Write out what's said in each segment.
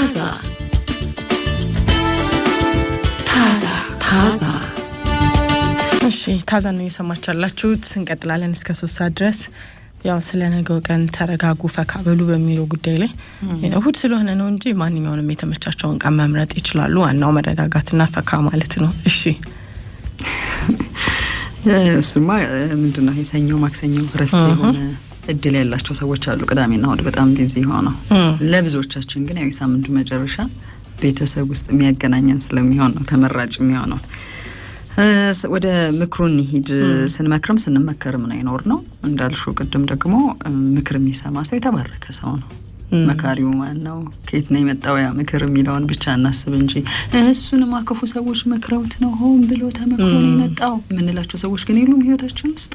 ታዛ ታዛ ታዛ እሺ ታዛ ነው የሰማች ያላችሁት። እንቀጥላለን እስከ ሶስት ሰዓት ድረስ ያው ስለ ነገው ቀን ተረጋጉ፣ ፈካ በሉ በሚለው ጉዳይ ላይ እሁድ ስለሆነ ነው እንጂ ማንኛውንም የተመቻቸውን ቀን መምረጥ ይችላሉ። ዋናው መረጋጋትና ፈካ ማለት ነው። እሺ እሱማ ምንድነው የሰኞ ማክሰኞ ረፍት የሆነ እድል ያላቸው ሰዎች አሉ። ቅዳሜና እሁድ በጣም ቢዚ ሆነው ለብዙዎቻችን ግን ያው የሳምንቱ መጨረሻ ቤተሰብ ውስጥ የሚያገናኘን ስለሚሆን ነው ተመራጭ የሚሆነው። ወደ ምክሩ እንሂድ። ስንመክርም ስንመከርም ነው የኖር ነው እንዳልሹ ቅድም ደግሞ ምክር የሚሰማ ሰው የተባረከ ሰው ነው። መካሪው ማን ነው? ከየት ነው የመጣው ያ ምክር የሚለውን ብቻ እናስብ እንጂ እሱንማ ክፉ ሰዎች መክረውት ነው ሆን ብሎ ተመክሮ ነው የመጣው የምንላቸው ሰዎች ግን የሉም ህይወታችን ውስጥ።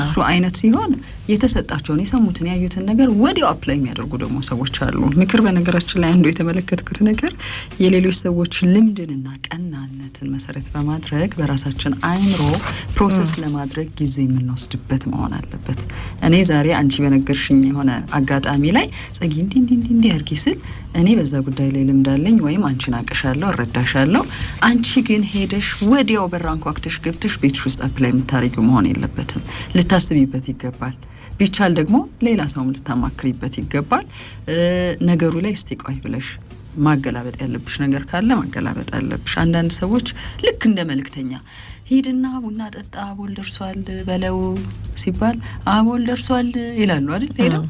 እሱ አይነት ሲሆን የተሰጣቸውን የሰሙትን ያዩትን ነገር ወዲያው አፕላይ የሚያደርጉ ደግሞ ሰዎች አሉ። ምክር በነገራችን ላይ አንዱ የተመለከትኩት ነገር የሌሎች ሰዎች ልምድንና ቀናነትን መሰረት በማድረግ በራሳችን አይምሮ ፕሮሰስ ለማድረግ ጊዜ የምንወስድበት መሆን አለበት። እኔ ዛሬ አንቺ በነገርሽኝ የሆነ አጋጣሚ ላይ ጸጊ እንዲህ እንዲህ እንዲህ አድርጊ ስል እኔ በዛ ጉዳይ ላይ ልምድ አለኝ ወይም አንቺን አቅሻለሁ እረዳሻለሁ። አንቺ ግን ሄደሽ ወዲያው በራን ኳክተሽ ገብተሽ ቤትሽ ውስጥ አፕላይ የምታደርጊው መሆን የለበትም። ልታስቢበት ይገባል። ቢቻል ደግሞ ሌላ ሰውም ልታማክሪበት ይገባል። ነገሩ ላይ እስቲ ቆይ ብለሽ ማገላበጥ ያለብሽ ነገር ካለ ማገላበጥ አለብሽ። አንዳንድ ሰዎች ልክ እንደ መልእክተኛ ሂድና ቡና ጠጣ አቦል ደርሷል በለው ሲባል አቦል ደርሷል ይላሉ አይደል ሄደው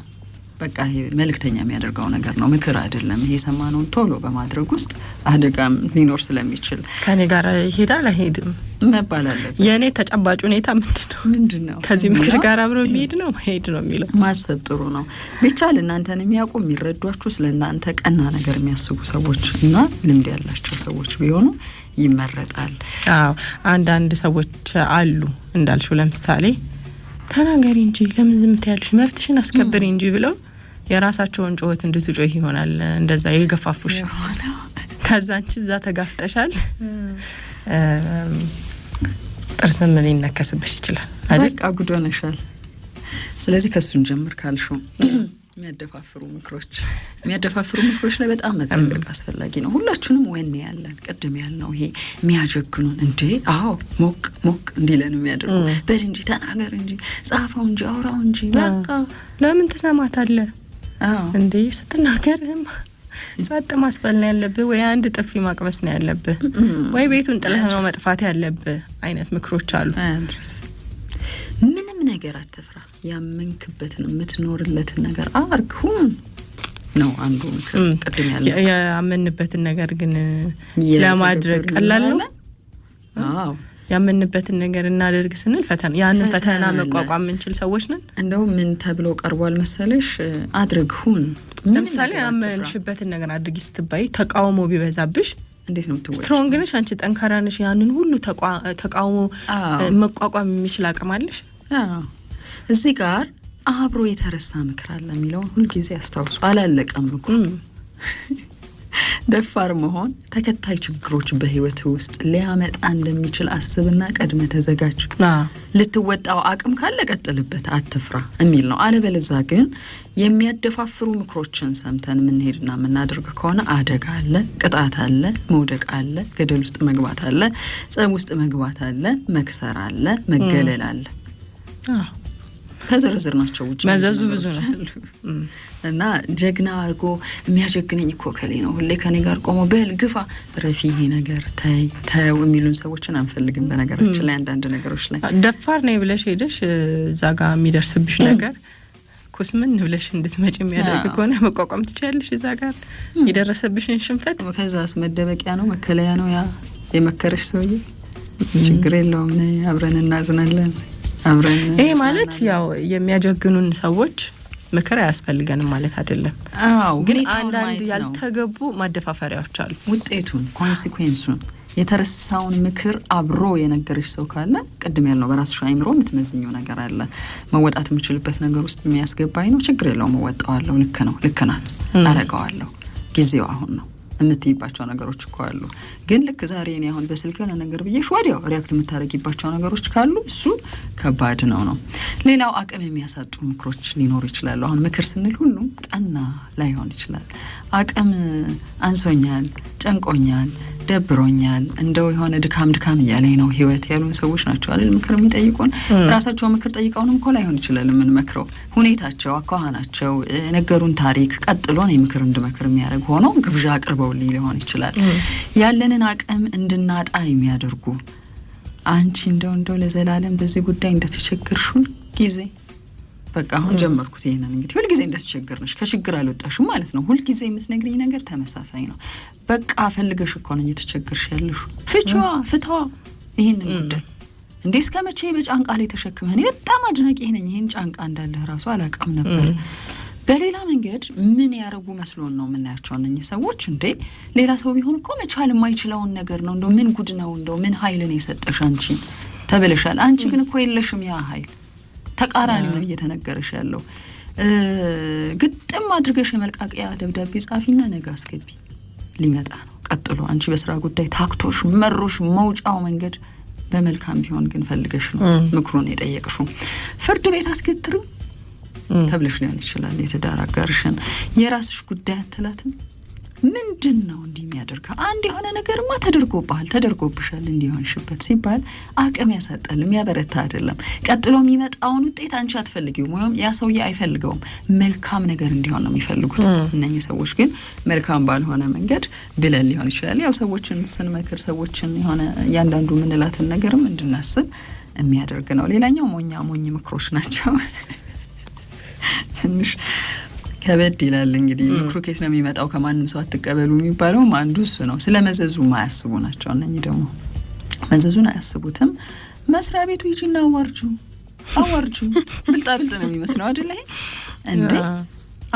በቃ ይሄ መልእክተኛ የሚያደርገው ነገር ነው፣ ምክር አይደለም። ይሄ የሰማነውን ቶሎ በማድረግ ውስጥ አደጋም ሊኖር ስለሚችል ከኔ ጋር ይሄዳል አይሄድም መባል አለበት። የእኔ ተጨባጭ ሁኔታ ምንድን ነው ምንድን ነው ከዚህ ምክር ጋር አብሮ የሚሄድ ነው መሄድ ነው የሚለው ማሰብ ጥሩ ነው። ቢቻል እናንተን የሚያውቁ የሚረዷችሁ፣ ስለ እናንተ ቀና ነገር የሚያስቡ ሰዎች እና ልምድ ያላቸው ሰዎች ቢሆኑ ይመረጣል። አዎ አንዳንድ ሰዎች አሉ እንዳልሽው ለምሳሌ ተናገሪ እንጂ ለምን ዝም ትያለሽ? መብትሽን አስከብሪ እንጂ ብለው የራሳቸውን ጩኸት እንድትጮህ ይሆናል እንደዛ የገፋፉሽ። ከዛ አንቺ እዛ ተጋፍጠሻል። ጥርስም ሊነከስብሽ ይችላል። አደቃ ጉዶነሻል። ስለዚህ ከሱን ጀምር ካልሽው የሚያደፋፍሩ ምክሮች የሚያደፋፍሩ ምክሮች ላይ በጣም መጠንቀቅ አስፈላጊ ነው። ሁላችንም ወኔ ያለን ቅድም ያልነው ይሄ የሚያጀግኑን እንዴ አዎ ሞቅ ሞቅ እንዲለን የሚያደርጉ በል እንጂ ተናገር እንጂ ጻፈው እንጂ አውራው እንጂ በቃ ለምን ትሰማታለህ እንዴ ስትናገርም ጸጥ ማስፈል ነው ያለብህ፣ ወይ አንድ ጥፊ ማቅመስ ነው ያለብህ፣ ወይ ቤቱን ጥለህ ነው መጥፋት ያለብህ አይነት ምክሮች አሉ። ምንም ነገር አትፍራ። ያመንክበትን የምትኖርለትን ነገር አርግ ሁን ነው አንዱ ቅድም ያለ ያመንበትን ነገር ግን ለማድረግ ቀላል ነው። አዎ ያመንበትን ነገር እናደርግ ስንል ፈተና ያንን ፈተና መቋቋም የምንችል ሰዎች ነን። እንደውም ምን ተብሎ ቀርቧል መሰለሽ? አድርግ ሁን። ለምሳሌ ያመንሽበትን ነገር አድርጊ ስትባይ ተቃውሞ ቢበዛብሽ እንዴት ነው የምትወጪው? ስትሮንግ ነሽ አንቺ፣ ጠንካራ ነሽ። ያንን ሁሉ ተቃውሞ መቋቋም የሚችል አቅም አለሽ። እዚህ ጋር አብሮ የተረሳ ምክር አለ የሚለውን ሁልጊዜ አስታውሱ። አላለቀም እኮ ደፋር መሆን ተከታይ ችግሮች በህይወት ውስጥ ሊያመጣ እንደሚችል አስብና ቀድመ ተዘጋጅ። ልትወጣው አቅም ካለ ቀጥልበት፣ አትፍራ የሚል ነው። አለበለዛ ግን የሚያደፋፍሩ ምክሮችን ሰምተን የምንሄድና የምናደርግ ከሆነ አደጋ አለ፣ ቅጣት አለ፣ መውደቅ አለ፣ ገደል ውስጥ መግባት አለ፣ ጸብ ውስጥ መግባት አለ፣ መክሰር አለ፣ መገለል አለ። ከዝርዝር ናቸው ውጭ መዘዙ ብዙ ነው እና ጀግና አድርጎ የሚያጀግነኝ እኮ ከሌ ነው። ሁሌ ከኔ ጋር ቆሞ በል ግፋ፣ ረፊ፣ ይሄ ነገር ተይ ተው የሚሉን ሰዎችን አንፈልግም። በነገራችን ላይ አንዳንድ ነገሮች ላይ ደፋር ነኝ ብለሽ ሄደሽ እዛ ጋ የሚደርስብሽ ነገር ኩስምን ብለሽ እንድትመጪ የሚያደርግ ከሆነ መቋቋም ትችላለሽ። እዛ ጋር የደረሰብሽን ሽንፈት ከዛስ መደበቂያ ነው መከለያ ነው ያ የመከረሽ ሰውዬ ችግር የለውም፣ አብረን እናዝናለን። ይሄ ማለት ያው የሚያጀግኑን ሰዎች ምክር አያስፈልገንም ማለት አይደለም። አዎ፣ ግን አንዳንድ ያልተገቡ ማደፋፈሪያዎች አሉ። ውጤቱን ኮንሲኩዌንሱን የተረሳውን ምክር አብሮ የነገረች ሰው ካለ ቅድም ያልነው በራስሽ አይምሮ የምትመዝኘው ነገር አለ። መወጣት የምችልበት ነገር ውስጥ የሚያስገባኝ ነው። ችግር የለውም፣ እወጣዋለሁ። ልክ ነው፣ ልክ ናት፣ አረገዋለሁ። ጊዜው አሁን ነው። የምትይባቸው ነገሮች እኮ አሉ። ግን ልክ ዛሬ እኔ አሁን በስልክ የሆነ ነገር ብዬሽ ወዲያው ሪያክት የምታደረጊባቸው ነገሮች ካሉ እሱ ከባድ ነው ነው። ሌላው አቅም የሚያሳጡ ምክሮች ሊኖሩ ይችላሉ። አሁን ምክር ስንል ሁሉም ቀና ላይሆን ይችላል። አቅም አንሶኛል፣ ጨንቆኛል ደብሮኛል፣ እንደው የሆነ ድካም ድካም እያለኝ ነው ህይወት ያሉን ሰዎች ናቸው አይደል? ምክር የሚጠይቁን ራሳቸው ምክር ጠይቀውንም እኮ ላይሆን ይችላል የምንመክረው። ሁኔታቸው፣ አኳኋናቸው፣ የነገሩን ታሪክ ቀጥሎ ነው ምክር እንድመክር የሚያደርግ ሆኖ ግብዣ አቅርበውልኝ ሊሆን ይችላል። ያለንን አቅም እንድናጣ የሚያደርጉ አንቺ እንደው እንደው ለዘላለም በዚህ ጉዳይ እንደተቸገርሽ ሁል ጊዜ በቃ አሁን ጀመርኩት ይሄንን። እንግዲህ ሁልጊዜ እንደተቸገር ነሽ ከችግር አልወጣሽም ማለት ነው። ሁልጊዜ የምትነግሪኝ ነገር ተመሳሳይ ነው። በቃ ፈልገሽ እኮ ነው እየተቸገርሽ ያለሽ። ፍቺዋ፣ ፍታዋ ይህንን ጉዳይ እንዴ እስከ መቼ በጫንቃ ላይ ተሸክመህ? እኔ በጣም አድናቂ ነኝ። ይህን ጫንቃ እንዳለህ ራሱ አላውቅም ነበር። በሌላ መንገድ ምን ያደረጉ መስሎን ነው የምናያቸው እነኝህ ሰዎች። እንዴ ሌላ ሰው ቢሆን እኮ መቻል የማይችለውን ነገር ነው። እንደው ምን ጉድ ነው? እንደው ምን ኃይልን የሰጠሽ አንቺ ተብለሻል። አንቺ ግን እኮ የለሽም ያ ኃይል ተቃራኒ ነው እየተነገረሽ ያለው። ግጥም አድርገሽ የመልቃቂያ ደብዳቤ ጻፊና ነገ አስገቢ፣ ሊመጣ ነው። ቀጥሎ አንቺ በስራ ጉዳይ ታክቶሽ መሮሽ መውጫው መንገድ በመልካም ቢሆን ግን ፈልገሽ ነው ምክሩን የጠየቅሽው። ፍርድ ቤት አስገትርም ተብለሽ ሊሆን ይችላል። የትዳር አጋርሽን የራስሽ ጉዳይ አትላትም ምንድን ነው እንዲህ የሚያደርገው? አንድ የሆነ ነገርማ ተደርጎብሃል ተደርጎብሻል እንዲሆንሽበት ሲባል አቅም ያሳጣል፣ የሚያበረታ አይደለም። ቀጥሎ የሚመጣውን ውጤት አንቺ አትፈልጊውም ወይም ያ ሰውዬ አይፈልገውም። መልካም ነገር እንዲሆን ነው የሚፈልጉት እነኚህ ሰዎች። ግን መልካም ባልሆነ መንገድ ብለን ሊሆን ይችላል። ያው ሰዎችን ስንመክር ሰዎችን የሆነ እያንዳንዱ የምንላትን ነገርም እንድናስብ የሚያደርግ ነው። ሌላኛው ሞኛ ሞኝ ምክሮች ናቸው ትንሽ ከበድ ይላል እንግዲህ ምክሩ ከየት ነው የሚመጣው? ከማንም ሰው አትቀበሉ የሚባለውም አንዱ እሱ ነው። ስለ መዘዙ ማያስቡ ናቸው። እነኚህ ደግሞ መዘዙን አያስቡትም። መስሪያ ቤቱ ይጅና አዋርጁ አዋርጁ። ብልጣ ብልጥ ነው የሚመስለው አደለ እንዴ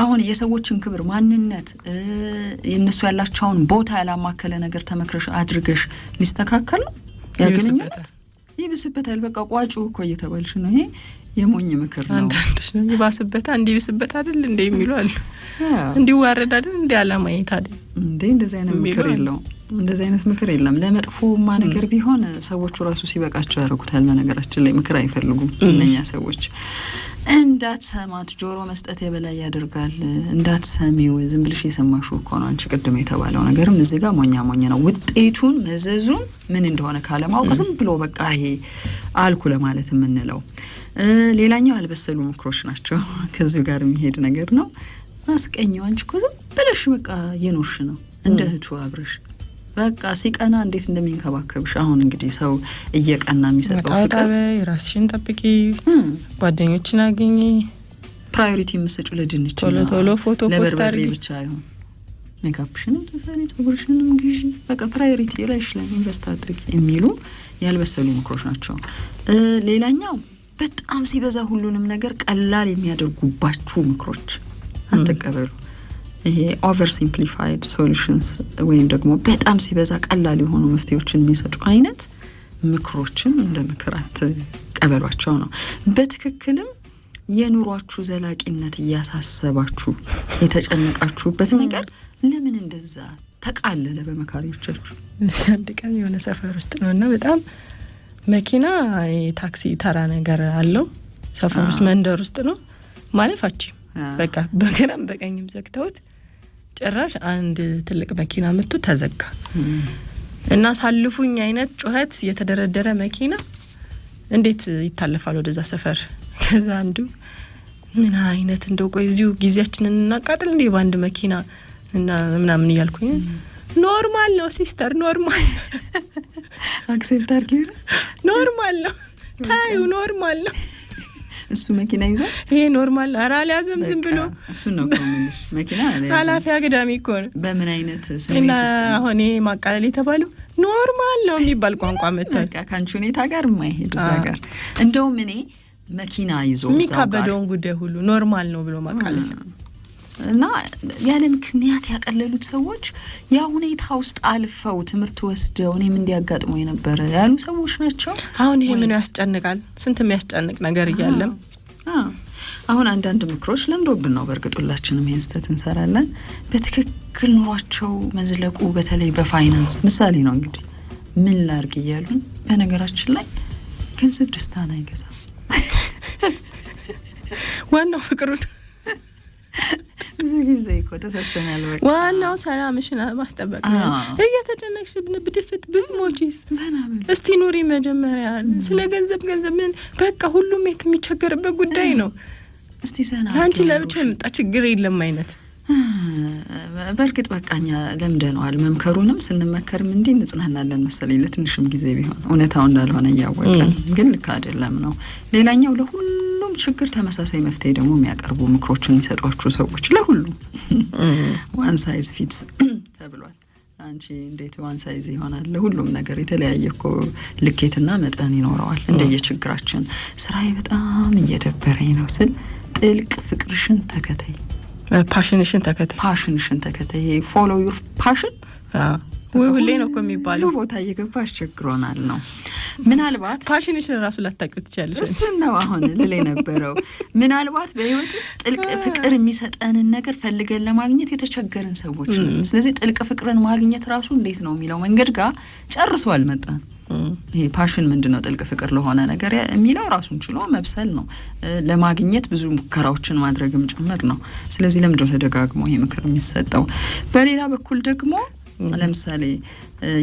አሁን የሰዎችን ክብር፣ ማንነት፣ እነሱ ያላቸውን ቦታ ያላማከለ ነገር ተመክረሽ አድርገሽ ሊስተካከል ነው ያገኘበት ይብስበታል። በቃ ቋጩ እኮ እየተባልሽ ነው ይሄ የሞኝ ምክር ነው። አንዳንዶች ነው ይባስበታ እንዲህ ይብስበት አይደል እንደ የሚሉ አሉ። እንዲዋረድ አይደል እንደ አላማየት አይደል እንደ እንደዚህ አይነት ምክር የለው። እንደዚህ አይነት ምክር የለም። ለመጥፎማ ነገር ቢሆን ሰዎቹ ራሱ ሲበቃቸው ያደርጉታል። በነገራችን ላይ ምክር አይፈልጉም እነኛ ሰዎች። እንዳትሰማት ጆሮ መስጠት የበላይ ያደርጋል። እንዳትሰሚው ዝም ብልሽ የሰማሽው እኮ ነው አንቺ ቅድም የተባለው ነገርም እዚህ ጋር ሞኛ ሞኝ ነው። ውጤቱን መዘዙን ምን እንደሆነ ካለማወቅ ዝም ብሎ በቃ ይሄ አልኩ ለማለት የምንለው ሌላኛው ያልበሰሉ ምክሮች ናቸው። ከዚሁ ጋር የሚሄድ ነገር ነው። አስቀኘው አንቺ እኮ ዝም ብለሽ በቃ እየኖርሽ ነው እንደ እህቱ አብረሽ በቃ ሲቀና እንዴት እንደሚንከባከብሽ አሁን እንግዲህ ሰው እየቀና የሚሰጠው ፍቅር፣ ራስሽን ጠብቂ፣ ጓደኞችን አገኘ፣ ፕራዮሪቲ የምሰጩ ለድንች ቶሎ ቶሎ ፎቶ ለበርበሬ ብቻ ይሁን ሜካፕሽንም ተሳሪ ጸጉርሽንም ግዢ፣ በቃ ፕራዮሪቲ ላይሽ ላይ ኢንቨስት አድርጊ የሚሉ ያልበሰሉ ምክሮች ናቸው። ሌላኛው በጣም ሲበዛ ሁሉንም ነገር ቀላል የሚያደርጉባችሁ ምክሮች አትቀበሉ። ይሄ ኦቨር ሲምፕሊፋይድ ሶሉሽንስ ወይም ደግሞ በጣም ሲበዛ ቀላል የሆኑ መፍትሄዎችን የሚሰጡ አይነት ምክሮችን እንደ ምክር አትቀበሏቸው ነው። በትክክልም የኑሯችሁ ዘላቂነት እያሳሰባችሁ የተጨነቃችሁበት ነገር ለምን እንደዛ ተቃለለ በመካሪዎቻችሁ? አንድ ቀን የሆነ ሰፈር ውስጥ ነው እና በጣም መኪና የታክሲ ተራ ነገር አለው። ሰፈር ውስጥ መንደር ውስጥ ነው ማለፍ አችም በቃ በግራም በቀኝም ዘግተውት ጭራሽ አንድ ትልቅ መኪና መጥቶ ተዘጋ እና ሳልፉኝ አይነት ጩኸት የተደረደረ መኪና እንዴት ይታለፋል ወደዛ ሰፈር? ከዛ አንዱ ምን አይነት እንደው ቆይ እዚሁ ጊዜያችንን እናቃጥል እንዲህ በአንድ መኪና እና ምናምን እያልኩኝ ኖርማል ነው ሲስተር፣ ኖርማል አክሴፕት አርጊ። ኖርማል ነው ታዩ፣ ኖርማል ነው። እሱ መኪና ይዞ ይሄ ኖርማል ኧረ አልያዘም፣ ዝም ብሎ እሱ ነው ከምልሽ። መኪና ኃላፊ አግዳሚ እኮ ነው። በምን አይነት ስሜት ውስጥ አሁን ይሄ ማቃለል የተባሉ ኖርማል ነው የሚባል ቋንቋ መጥቷል። ከአንቺ ሁኔታ ጋር የማይሄድ እዛ ጋር እንደውም እኔ መኪና ይዞ የሚካበደውን ጉዳይ ሁሉ ኖርማል ነው ብሎ ማቃለል እና ያለ ምክንያት ያቀለሉት ሰዎች ያ ሁኔታ ውስጥ አልፈው ትምህርት ወስደው እኔም እንዲያጋጥሞ የነበረ ያሉ ሰዎች ናቸው። አሁን ይሄ ምን ያስጨንቃል? ስንት የሚያስጨንቅ ነገር እያለም አሁን አንዳንድ ምክሮች ለምዶብን ነው። በእርግጥ ሁላችንም ይህን ስህተት እንሰራለን። በትክክል ኑሯቸው መዝለቁ በተለይ በፋይናንስ ምሳሌ ነው እንግዲህ ምን ላርግ እያሉን። በነገራችን ላይ ገንዘብ ደስታን አይገዛም። ዋናው ፍቅሩን ብዙ ጊዜ እኮ ዋናው ሰላምሽን ማስጠበቅ እየተጨነቅሽብን ብድፍት ብሞችስ እስቲ ኑሪ መጀመሪያ። ስለ ገንዘብ ገንዘብ ምን በቃ ሁሉም የት የሚቸገርበት ጉዳይ ነው። እስቲ ሰና ለአንቺ ለብቻ የመጣ ችግር የለም አይነት በእርግጥ በቃኛ ለምደነዋል። መምከሩንም ስንመከርም እንዲህ እንጽናናለን መሰለኝ ለትንሽም ጊዜ ቢሆን እውነታው እንዳልሆነ እያወቀን ግን ልክ አይደለም ነው ሌላኛው ለሁሉ ችግር ተመሳሳይ መፍትሄ ደግሞ የሚያቀርቡ ምክሮችን የሚሰጧችሁ ሰዎች ለሁሉም ዋን ሳይዝ ፊትስ ተብሏል። አንቺ እንዴት ዋን ሳይዝ ይሆናል? ለሁሉም ነገር የተለያየ እኮ ልኬትና መጠን ይኖረዋል። እንደየችግራችን ስራዬ በጣም እየደበረኝ ነው ስል ጥልቅ ፍቅርሽን ተከተይ፣ ፓሽንሽን ተከተይ፣ ፓሽንሽን ተከተይ። ፎሎ ዩር ፓሽን ወይ ሁሌ ነው እኮ የሚባለው ቦታ እየገባ አስቸግሮናል ነው ምናልባት ፋሽንሽን ራሱ ላታቅ ትችላለች። እሱን ነው አሁን ልል የነበረው። ምናልባት በህይወት ውስጥ ጥልቅ ፍቅር የሚሰጠንን ነገር ፈልገን ለማግኘት የተቸገርን ሰዎች፣ ስለዚህ ጥልቅ ፍቅርን ማግኘት ራሱ እንዴት ነው የሚለው መንገድ ጋር ጨርሶ አልመጣን። ይሄ ፓሽን ምንድን ነው ጥልቅ ፍቅር ለሆነ ነገር የሚለው ራሱን ችሎ መብሰል ነው። ለማግኘት ብዙ ሙከራዎችን ማድረግም ጭምር ነው። ስለዚህ ለምንድነው ተደጋግሞ ይሄ ምክር የሚሰጠው? በሌላ በኩል ደግሞ ለምሳሌ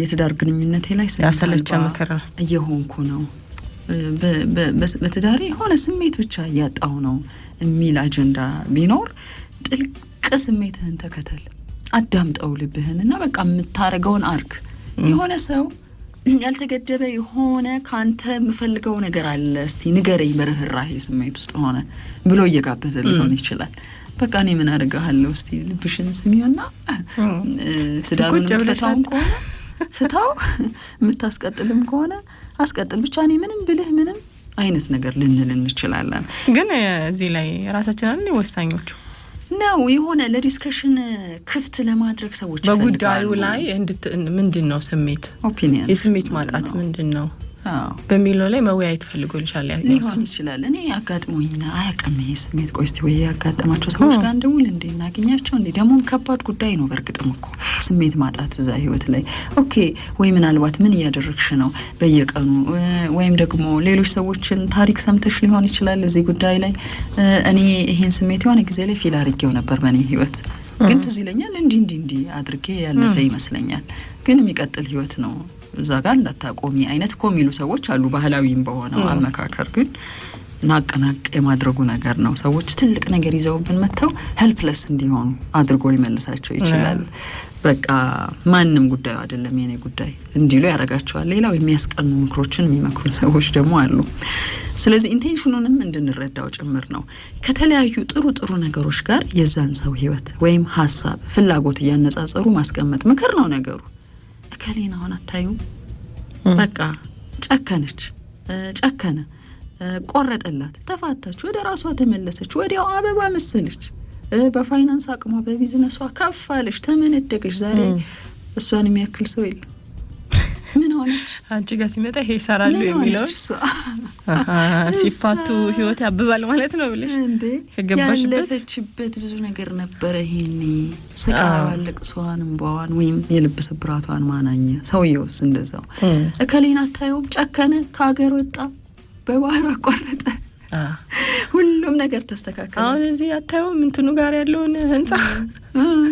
የትዳር ግንኙነቴ ላይ ያሰለቸ ምክር እየሆንኩ ነው፣ በትዳሬ የሆነ ስሜት ብቻ እያጣው ነው የሚል አጀንዳ ቢኖር ጥልቅ ስሜትህን ተከተል፣ አዳምጠው ልብህን እና በቃ የምታደርገውን አርክ የሆነ ሰው ያልተገደበ የሆነ ከአንተ የምፈልገው ነገር አለ እስቲ ንገረኝ፣ በርህራሄ ስሜት ውስጥ ሆነ ብሎ እየጋበዘ ሊሆን ይችላል። በቃ እኔ ምን አድርግሃለሁ እስቲ ልብሽን ስሚውና ስዳሩን ተታውን ከሆነ ስታው የምታስቀጥልም ከሆነ አስቀጥል ብቻ። እኔ ምንም ብልህ ምንም አይነት ነገር ልንል እንችላለን። ግን እዚህ ላይ ራሳችንን ወሳኞቹ ነው የሆነ ለዲስከሽን ክፍት ለማድረግ ሰዎች በጉዳዩ ላይ ምንድን ነው ስሜት ኦፒኒየን የስሜት ማጣት ምንድን ነው በሚለው ላይ መወያየት ፈልጎልሻል ሊሆን ይችላል። እኔ አጋጥሞኝና አያውቅም ይሄ ስሜት። ቆይ እስቲ ወይ ያጋጠማቸው ሰዎች ጋር እንደውል እንዴ እናገኛቸው እንዴ። ደግሞም ከባድ ጉዳይ ነው። በእርግጥም እኮ ስሜት ማጣት እዛ ህይወት ላይ ኦኬ። ወይ ምናልባት ምን እያደረግሽ ነው በየቀኑ ወይም ደግሞ ሌሎች ሰዎችን ታሪክ ሰምተሽ ሊሆን ይችላል እዚህ ጉዳይ ላይ። እኔ ይሄን ስሜት የሆነ ጊዜ ላይ ፊል አድርጌው ነበር በእኔ ህይወት ግን ትዝ ይለኛል። እንዲህ እንዲህ እንዲህ አድርጌ ያለፈ ይመስለኛል። ግን የሚቀጥል ህይወት ነው እዛ ጋር እንዳታቆሚ አይነት እኮ የሚሉ ሰዎች አሉ። ባህላዊም በሆነው አመካከር ግን ናቅ ናቅ የማድረጉ ነገር ነው። ሰዎች ትልቅ ነገር ይዘውብን መጥተው ሄልፕለስ እንዲሆኑ አድርጎ ሊመልሳቸው ይችላል። በቃ ማንም ጉዳዩ አይደለም የኔ ጉዳይ እንዲሉ ያደርጋቸዋል። ሌላው የሚያስቀኑ ምክሮችን የሚመክሩ ሰዎች ደግሞ አሉ። ስለዚህ ኢንቴንሽኑንም እንድንረዳው ጭምር ነው። ከተለያዩ ጥሩ ጥሩ ነገሮች ጋር የዛን ሰው ህይወት ወይም ሀሳብ፣ ፍላጎት እያነጻጸሩ ማስቀመጥ ምክር ነው ነገሩ እከሌን አሁን አታዩ በቃ ጨከነች፣ ጨከነ፣ ቆረጠላት፣ ተፋታች፣ ወደ ራሷ ተመለሰች። ወዲያው አበባ መሰለች። በፋይናንስ አቅሟ፣ በቢዝነሷ ከፍ አለች፣ ተመነደገች። ዛሬ እሷን የሚያክል ሰው የለም። ሆነች። አንቺ ጋር ሲመጣ ይሄ ይሰራሉ የሚለው ሲፋቱ ህይወት ያብባል ማለት ነው ብለሽ ያለፈችበት ብዙ ነገር ነበረ። ይሄኔ ስቃዋን፣ ልቅሷን፣ እንባዋን ወይም የልብ ስብራቷን ማናኘ ሰውየውስ እንደዛው እከሌን አታየውም። ጨከነ፣ ከሀገር ወጣ፣ በባህር አቋረጠ። ሁሉም ነገር ተስተካከለ። አሁን እዚህ አታየውም እንትኑ ጋር ያለውን ህንጻ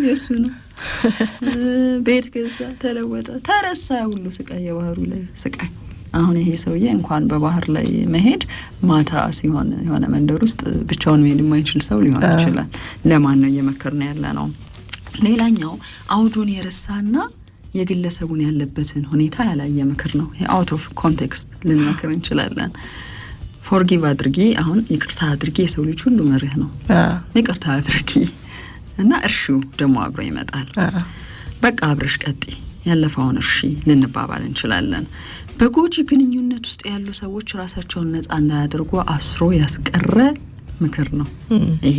የእሱ ነው ቤት ገዛ፣ ተለወጠ፣ ተረሳ ሁሉ ስቃይ፣ የባህሩ ላይ ስቃይ። አሁን ይሄ ሰውዬ እንኳን በባህር ላይ መሄድ ማታ ሲሆን የሆነ መንደር ውስጥ ብቻውን መሄድ የማይችል ሰው ሊሆን ይችላል። ለማን ነው ነው ያለ ነው? ሌላኛው አውዱን የረሳና የግለሰቡን ያለበትን ሁኔታ ያላየ ምክር ነው። አውት ኦፍ ኮንቴክስት ልንመክር እንችላለን። ፎርጊቭ አድርጊ፣ አሁን ይቅርታ አድርጊ። የሰው ልጅ ሁሉ መርህ ነው። ይቅርታ አድርጊ እና እርሺው ደግሞ አብሮ ይመጣል። በቃ አብረሽ ቀጢ ያለፈውን እርሺ ልንባባል እንችላለን። በጎጂ ግንኙነት ውስጥ ያሉ ሰዎች ራሳቸውን ነፃ እንዳያደርጉ አስሮ ያስቀረ ምክር ነው ይሄ።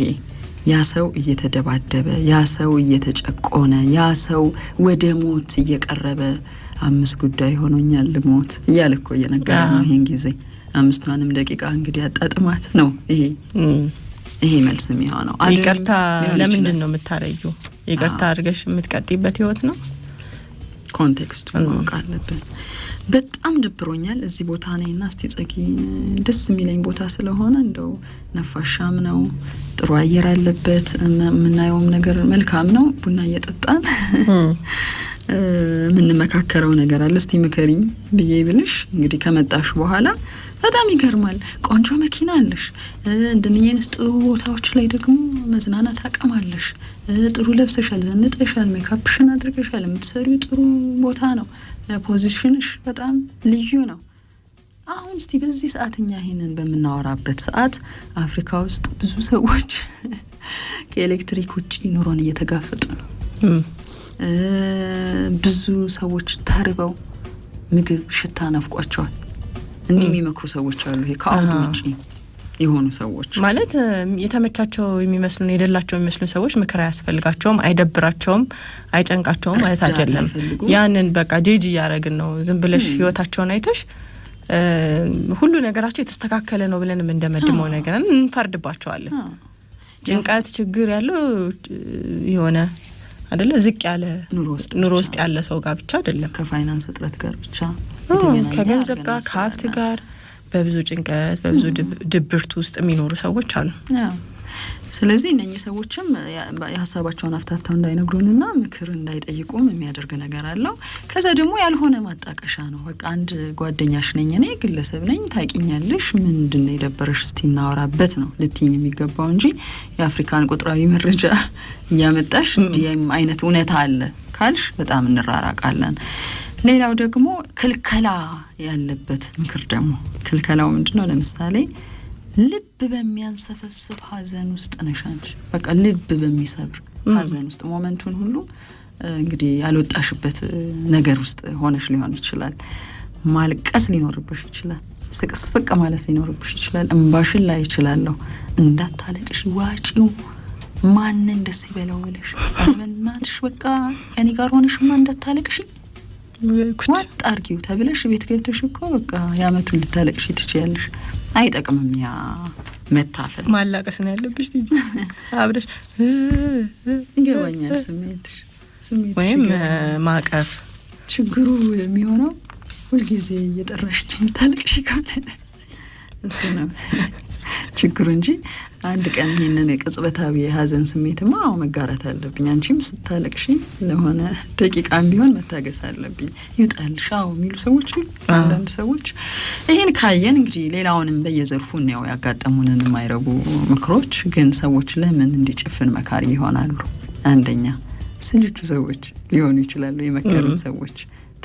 ያ ሰው እየተደባደበ፣ ያ ሰው እየተጨቆነ፣ ያ ሰው ወደ ሞት እየቀረበ አምስት ጉዳይ ሆኖኛል ልሞት እያለ እኮ እየነገረ ነው። ይህን ጊዜ አምስቷንም ደቂቃ እንግዲህ አጣጥማት ነው ይሄ ይሄ መልስ የሚሆነው ይቅርታ። ለምንድን ነው የምታረዩ? ይቅርታ አድርገሽ የምትቀጥይበት ህይወት ነው። ኮንቴክስቱ ማወቅ አለብን። በጣም ደብሮኛል እዚህ ቦታ ነኝ እና እስቲ ጸጊ ደስ የሚለኝ ቦታ ስለሆነ እንደው ነፋሻም ነው፣ ጥሩ አየር አለበት፣ የምናየውም ነገር መልካም ነው። ቡና እየጠጣን የምንመካከረው ነገር አለ እስቲ ምከሪኝ ብዬ ብልሽ እንግዲህ ከመጣሽ በኋላ በጣም ይገርማል። ቆንጆ መኪና አለሽ፣ እንደነኛ ጥሩ ቦታዎች ላይ ደግሞ መዝናናት አቅም አለሽ። ጥሩ ለብሰሻል፣ ዘንጠሻል፣ ሜካፕሽን አድርገሻል። የምትሰሪው ጥሩ ቦታ ነው። ፖዚሽንሽ በጣም ልዩ ነው። አሁን እስቲ በዚህ ሰዓት እኛ በምናወራበት ሰዓት አፍሪካ ውስጥ ብዙ ሰዎች ከኤሌክትሪክ ውጪ ኑሮን እየተጋፈጡ ነው። ብዙ ሰዎች ተርበው ምግብ ሽታ ነፍቋቸዋል። እንዲህ የሚመክሩ ሰዎች አሉ። ይሄ ከአውዱ ውጭ የሆኑ ሰዎች ማለት የተመቻቸው የሚመስሉን የደላቸው የሚመስሉን ሰዎች ምክር አያስፈልጋቸውም፣ አይደብራቸውም፣ አይጨንቃቸውም ማለት አይደለም። ያንን በቃ ጄጅ እያደረግን ነው። ዝም ብለሽ ህይወታቸውን አይተሽ ሁሉ ነገራቸው የተስተካከለ ነው ብለን የምንደመድመው ነገርን እንፈርድባቸዋለን። ጭንቀት ችግር ያለው የሆነ አደለ ዝቅ ያለ ኑሮ ውስጥ ያለ ሰው ጋር ብቻ አይደለም። ከፋይናንስ እጥረት ጋር ብቻ ከገንዘብ ጋር ከሀብት ጋር በብዙ ጭንቀት በብዙ ድብርት ውስጥ የሚኖሩ ሰዎች አሉ። ስለዚህ እነኚህ ሰዎችም የሀሳባቸውን አፍታተው እንዳይነግሩንና ምክር እንዳይጠይቁም የሚያደርግ ነገር አለው። ከዛ ደግሞ ያልሆነ ማጣቀሻ ነው። በቃ አንድ ጓደኛሽ ነኝ እኔ ግለሰብ ነኝ ታቂኛለሽ፣ ምንድን ነው የደበረሽ እስቲ እናወራበት ነው ልትኝ የሚገባው እንጂ የአፍሪካን ቁጥራዊ መረጃ እያመጣሽ እንዲህም አይነት እውነት አለ ካልሽ በጣም እንራራቃለን። ሌላው ደግሞ ክልከላ ያለበት ምክር ደግሞ ክልከላው ምንድን ነው? ለምሳሌ ልብ በሚያንሰፈስብ ሀዘን ውስጥ ነሽ አንቺ። በቃ ልብ በሚሰብር ሀዘን ውስጥ ሞመንቱን ሁሉ እንግዲህ ያልወጣሽበት ነገር ውስጥ ሆነሽ ሊሆን ይችላል። ማልቀስ ሊኖርብሽ ይችላል። ስቅስቅ ማለት ሊኖርብሽ ይችላል። እምባሽን ላይ ይችላለሁ እንዳታለቅሽ ዋጪው ማንን ደስ ይበለው ብለሽ በእናትሽ በቃ እኔ ጋር ሆነሽማ እንዳታለቅሽ ዋጥ አርጊው ተብለሽ ቤት ገብተሽ እኮ በቃ የአመቱን ልታለቅሽ ትችያለሽ። አይጠቅምም ያ መታፈል። ማላቀስ ነው ያለብሽ። ቲጂ አብረሽ ይገባኛል ስሜትሽ ስሜትሽ ወይም ማቀፍ። ችግሩ የሚሆነው ሁልጊዜ እየጠራሽ ታለቅሽ ካለ እሱ ነው። ችግሩ እንጂ አንድ ቀን ይህንን የቅጽበታዊ የሀዘን ስሜትማ አሁ መጋራት አለብኝ። አንቺም ስታለቅሺ ለሆነ ደቂቃም ቢሆን መታገስ አለብኝ። ይውጣልሽ አዎ የሚሉ ሰዎች አንዳንድ ሰዎች ይህን ካየን እንግዲህ ሌላውንም በየዘርፉ ነው ያጋጠሙንን የማይረቡ ምክሮች። ግን ሰዎች ለምን እንዲጭፍን መካሪ ይሆናሉ? አንደኛ ስልቹ ሰዎች ሊሆኑ ይችላሉ የመከሩን ሰዎች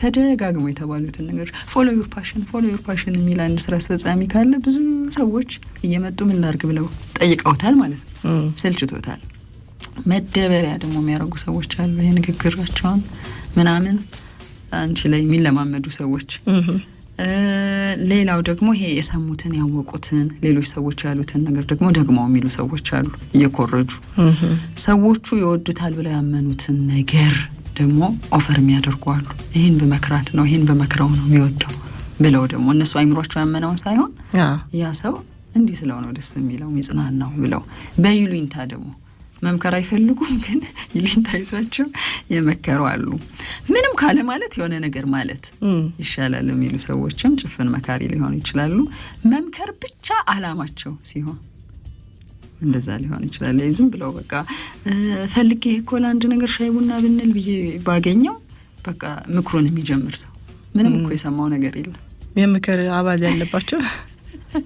ተደጋግሞ የተባሉትን ነገሮች ፎሎ ዩር ፓሽን ፎሎ ዩር ፓሽን የሚል አንድ ስራ አስፈጻሚ ካለ ብዙ ሰዎች እየመጡ ምን ላርግ ብለው ጠይቀውታል ማለት ነው። ሰልችቶታል። መደበሪያ ደግሞ የሚያደርጉ ሰዎች አሉ። ይህ ንግግራቸውን ምናምን አንቺ ላይ የሚለማመዱ ሰዎች ሌላው ደግሞ ይሄ የሰሙትን ያወቁትን ሌሎች ሰዎች ያሉትን ነገር ደግሞ ደግሞ የሚሉ ሰዎች አሉ፣ እየኮረጁ ሰዎቹ ይወዱታል ብለው ያመኑትን ነገር ደግሞ ኦፈር የሚያደርጉ አሉ። ይህን በመክራት ነው ይህን በመክረው ነው የሚወደው ብለው ደግሞ እነሱ አይምሯቸው ያመነውን ሳይሆን ያ ሰው እንዲህ ስለው ነው ደስ የሚለው የሚጽናናው ብለው በይሉኝታ ደግሞ መምከር አይፈልጉም፣ ግን ይሉኝታ ይዟቸው የመከሩ አሉ። ምንም ካለ ማለት የሆነ ነገር ማለት ይሻላል የሚሉ ሰዎችም ጭፍን መካሪ ሊሆኑ ይችላሉ። መምከር ብቻ አላማቸው ሲሆን እንደዛ ሊሆን ይችላል። ዝም ብለው በቃ ፈልጌ እኮ ለአንድ ነገር ሻይ ቡና ብንል ብዬ ባገኘው በቃ ምክሩን የሚጀምር ሰው ምንም እኮ የሰማው ነገር የለም። የምክር አባዜ ያለባቸው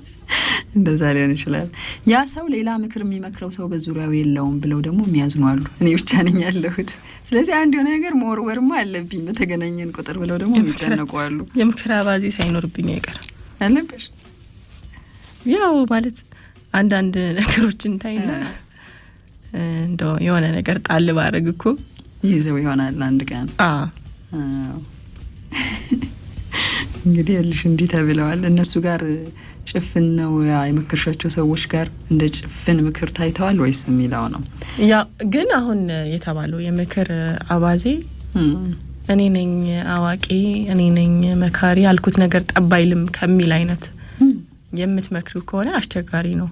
እንደዛ ሊሆን ይችላል። ያ ሰው ሌላ ምክር የሚመክረው ሰው በዙሪያው የለውም ብለው ደግሞ የሚያዝኑ አሉ። እኔ ብቻ ነኝ ያለሁት፣ ስለዚህ አንድ የሆነ ነገር መወርወርማ አለብኝ በተገናኘን ቁጥር ብለው ደግሞ የሚጨነቁ አሉ። የምክር አባዜ ሳይኖርብኝ አይቀርም አለብሽ ያው ማለት አንዳንድ ነገሮችን ታይና እንደ የሆነ ነገር ጣል ባረግ እኮ ይዘው ይሆናል አንድ ቀን። እንግዲህ ልሽ እንዲህ ተብለዋል። እነሱ ጋር ጭፍን ነው ያ የመከርሻቸው ሰዎች ጋር እንደ ጭፍን ምክር ታይተዋል ወይስ የሚለው ነው። ያ ግን አሁን የተባለው የምክር አባዜ እኔ ነኝ አዋቂ፣ እኔ ነኝ መካሪ ያልኩት ነገር ጠባይልም ከሚል አይነት የምትመክሪው ከሆነ አስቸጋሪ ነው።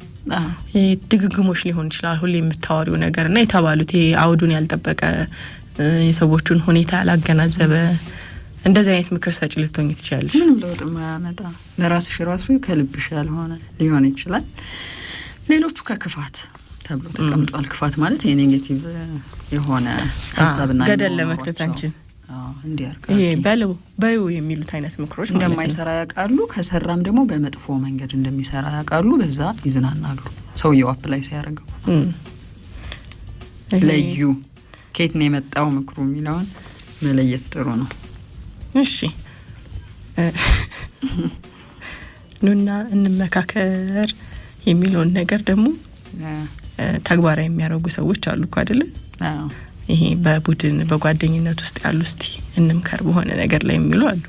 ድግግሞች ሊሆን ይችላል ሁሌ የምታወሪው ነገር እና የተባሉት ይሄ አውዱን ያልጠበቀ የሰዎቹን ሁኔታ ያላገናዘበ እንደዚህ አይነት ምክር ሰጭ ልትሆኝ ትችላለች። ምንም ለውጥ ማያመጣ ለራስሽ ራሱ ከልብሽ ያልሆነ ሊሆን ይችላል። ሌሎቹ ከክፋት ተብሎ ተቀምጧል። ክፋት ማለት የኔጌቲቭ የሆነ ሀሳብና ገደል ለመክተት አንችን በልቦ በዩ የሚሉት አይነት ምክሮች እንደማይሰራ ያውቃሉ። ከሰራም ደግሞ በመጥፎ መንገድ እንደሚሰራ ያውቃሉ። በዛ ይዝናናሉ። ሰውየው አፕ ላይ ሲያደርገው ለዩ ከየት ነው የመጣው ምክሩ የሚለውን መለየት ጥሩ ነው። እሺ ኑና እንመካከር የሚለውን ነገር ደግሞ ተግባራዊ የሚያደርጉ ሰዎች አሉ እኮ አይደለም? ይሄ በቡድን በጓደኝነት ውስጥ ያሉ እስቲ እንምከር በሆነ ነገር ላይ የሚሉ አሉ።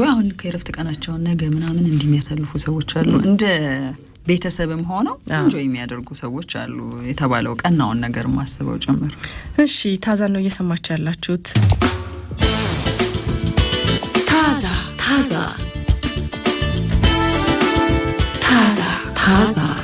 ወይ አሁን ከረፍት ቀናቸውን ነገ ምናምን እንደሚያሳልፉ ሰዎች አሉ። እንደ ቤተሰብም ሆነው እንጆ የሚያደርጉ ሰዎች አሉ። የተባለው ቀናውን ነገር ማስበው ጭምር። እሺ ታዛ ነው እየሰማችሁ ያላችሁት። ታዛ ታዛ ታዛ ታዛ